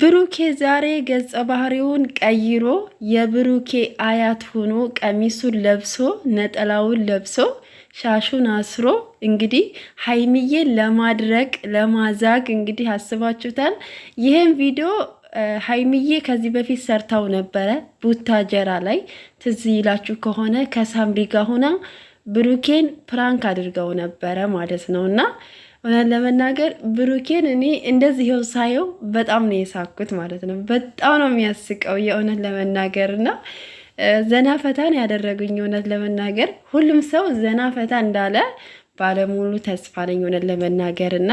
ብሩኬ ዛሬ ገጸ ባህሪውን ቀይሮ የብሩኬ አያት ሆኖ ቀሚሱን ለብሶ ነጠላውን ለብሶ ሻሹን አስሮ እንግዲህ ሀይሚዬ ለማድረቅ ለማዛግ እንግዲህ አስባችሁታል። ይህም ቪዲዮ ሀይሚዬ ከዚህ በፊት ሰርታው ነበረ ቡታጀራ ላይ ትዝ ይላችሁ ከሆነ ከሳምሪ ጋር ሆና ብሩኬን ፕራንክ አድርገው ነበረ ማለት ነው እና እውነት ለመናገር ብሩኬን እኔ እንደዚህ ይኸው ሳየው በጣም ነው የሳኩት ማለት ነው። በጣም ነው የሚያስቀው የእውነት ለመናገር እና ዘና ፈታን ያደረጉኝ እውነት ለመናገር ሁሉም ሰው ዘና ፈታ እንዳለ ባለሙሉ ተስፋ ነኝ እውነት ለመናገር እና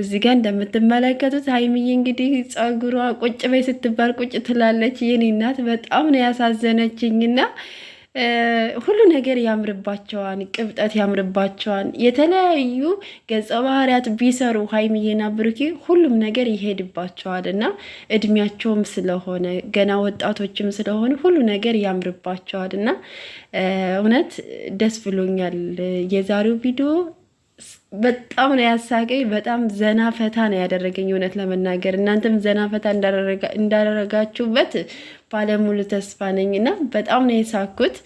እዚህ ጋር እንደምትመለከቱት ሀይሚዬ እንግዲህ ጸጉሯ ቁጭ በይ ስትባል ቁጭ ትላለች። የኔ እናት በጣም ነው ያሳዘነችኝና ሁሉ ነገር ያምርባቸዋን፣ ቅብጠት ያምርባቸዋን። የተለያዩ ገጸ ባህሪያት ቢሰሩ ሀይሚዬና ብሩኬ ሁሉም ነገር ይሄድባቸዋል እና እድሜያቸውም ስለሆነ ገና ወጣቶችም ስለሆነ ሁሉ ነገር ያምርባቸዋል እና እውነት ደስ ብሎኛል የዛሬው ቪዲዮ በጣም ነው ያሳቀኝ። በጣም ዘና ፈታ ነው ያደረገኝ። እውነት ለመናገር እናንተም ዘና ፈታ እንዳደረጋችሁበት ባለሙሉ ተስፋ ነኝ እና በጣም ነው የሳኩት።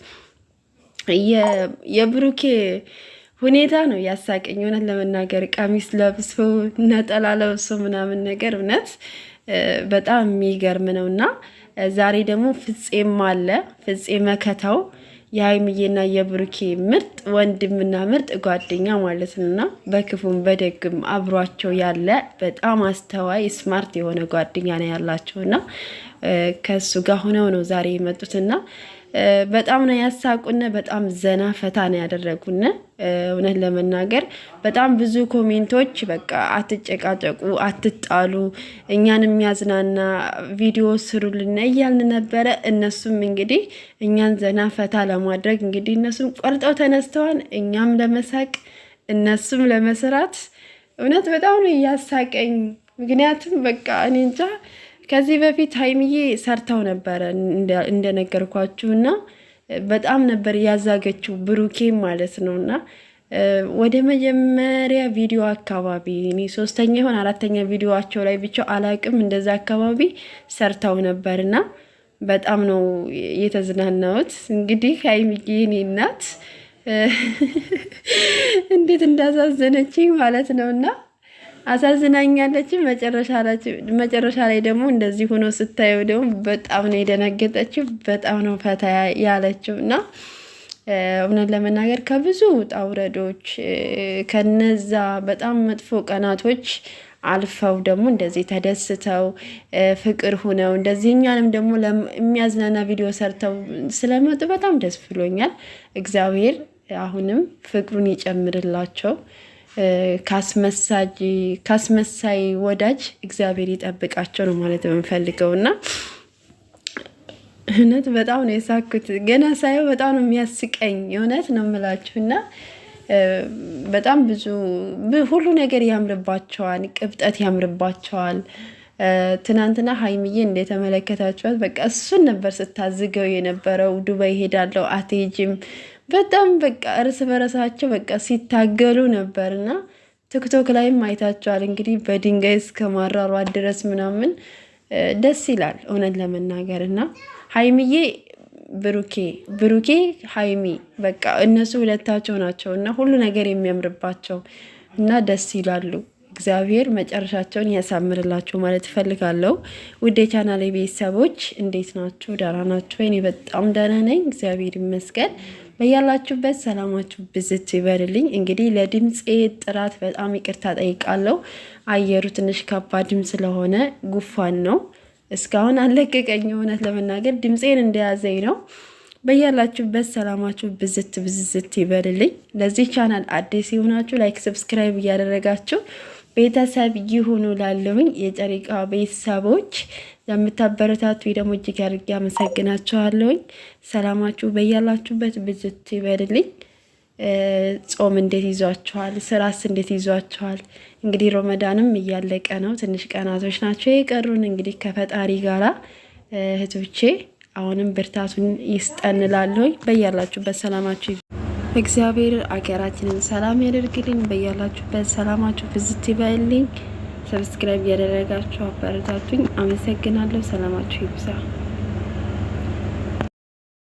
የብሩኬ ሁኔታ ነው ያሳቀኝ። እውነት ለመናገር ቀሚስ ለብሶ ነጠላ ለብሶ ምናምን ነገር እውነት በጣም የሚገርም ነው እና ዛሬ ደግሞ ፍጼም አለ ፍፄ መከታው የሀይምዬና የብሩኬ ምርጥ ወንድምና ምርጥ ጓደኛ ማለት ነውና በክፉም በደግም አብሯቸው ያለ በጣም አስተዋይ ስማርት የሆነ ጓደኛ ነው እና ከሱ ጋር ሆነው ነው ዛሬ የመጡትና በጣም ነው ያሳቁነ። በጣም ዘና ፈታ ነው ያደረጉነ። እውነት ለመናገር በጣም ብዙ ኮሜንቶች በቃ አትጨቃጨቁ፣ አትጣሉ፣ እኛን የሚያዝናና ቪዲዮ ስሩልን እያልን ነበረ። እነሱም እንግዲህ እኛን ዘና ፈታ ለማድረግ እንግዲህ እነሱም ቆርጠው ተነስተዋል። እኛም ለመሳቅ እነሱም ለመስራት እውነት በጣም ነው እያሳቀኝ። ምክንያቱም በቃ እኔ እንጃ ከዚህ በፊት ሀይሚዬ ሰርተው ነበረ እንደነገርኳችሁ እና በጣም ነበር ያዛገችው ብሩኬ ማለት ነው እና ወደ መጀመሪያ ቪዲዮ አካባቢ እኔ ሶስተኛ ይሆን አራተኛ ቪዲዮቸው ላይ ብቻ አላቅም እንደዛ አካባቢ ሰርተው ነበር እና በጣም ነው የተዝናናሁት። እንግዲህ ሀይሚዬ የኔ እናት እንዴት እንዳሳዘነችኝ ማለት ነው እና አሳዝናኛለች። መጨረሻ ላይ ደግሞ እንደዚህ ሆኖ ስታየው ደግሞ በጣም ነው የደነገጠችው። በጣም ነው ፈታ ያለችው እና እውነት ለመናገር ከብዙ ውጣ ውረዶች ከነዛ በጣም መጥፎ ቀናቶች አልፈው ደግሞ እንደዚህ ተደስተው ፍቅር ሁነው እንደዚህ እኛንም ደግሞ የሚያዝናና ቪዲዮ ሰርተው ስለመጡ በጣም ደስ ብሎኛል። እግዚአብሔር አሁንም ፍቅሩን ይጨምርላቸው። ካስመሳይ ወዳጅ እግዚአብሔር ይጠብቃቸው ነው ማለት የምንፈልገው እና እውነት በጣም ነው የሳኩት። ገና ሳየው በጣም ነው የሚያስቀኝ። እውነት ነው የምላችሁ እና በጣም ብዙ ሁሉ ነገር ያምርባቸዋል፣ ቅብጠት ያምርባቸዋል። ትናንትና ሀይምዬ እንደተመለከታችኋት በቃ እሱን ነበር ስታዝገው የነበረው። ዱባይ ሄዳለው አትሄጂም በጣም በቃ እርስ በረሳቸው በቃ ሲታገሉ እና ቲክቶክ ላይም አይታቸዋል እንግዲህ በድንጋይ እስከ ማራሯት ድረስ ምናምን ደስ ይላል እውነት ለመናገር እና ሀይሚዬ ብሩኬ ብሩኬ ሀይሚ በቃ እነሱ ሁለታቸው ናቸው እና ሁሉ ነገር የሚያምርባቸው እና ደስ ይላሉ። እግዚአብሔር መጨረሻቸውን ያሳምርላችሁ ማለት እፈልጋለሁ። ውድ የቻናሌ ቤተሰቦች እንዴት ናችሁ? ደህና ናችሁ እኔ በጣም ደህና ነኝ፣ እግዚአብሔር ይመስገን። በያላችሁበት ሰላማችሁ ብዝት ይበርልኝ። እንግዲህ ለድምፄ ጥራት በጣም ይቅርታ ጠይቃለሁ። አየሩ ትንሽ ከባድም ስለሆነ ጉፋን ነው እስካሁን አለቀቀኝ። እውነት ለመናገር ድምፄን እንደያዘኝ ነው። በያላችሁበት ሰላማችሁ ብዝት ብዝዝት ይበልልኝ። ለዚህ ቻናል አዲስ የሆናችሁ ላይክ፣ ሰብስክራይብ እያደረጋችሁ ቤተሰብ ይሁኑ ላለሁኝ የጨሪቃ ቤተሰቦች ለምታበረታቱ ደግሞ እጅግ አድርጌ አመሰግናችኋለሁኝ። ሰላማችሁ በያላችሁበት ብዝት ይበድልኝ። ጾም እንዴት ይዟችኋል? ስራስ እንዴት ይዟችኋል? እንግዲህ ሮመዳንም እያለቀ ነው። ትንሽ ቀናቶች ናቸው የቀሩን። እንግዲህ ከፈጣሪ ጋራ እህቶቼ አሁንም ብርታቱን ይስጠንላለሁኝ። በያላችሁበት ሰላማችሁ እግዚአብሔር አገራችንን ሰላም ያደርግልኝ። በያላችሁበት ሰላማችሁ ብዝት ይበልኝ። ሰብስክራይብ ያደረጋችሁ አበረታቱኝ። አመሰግናለሁ። ሰላማችሁ ይብዛ።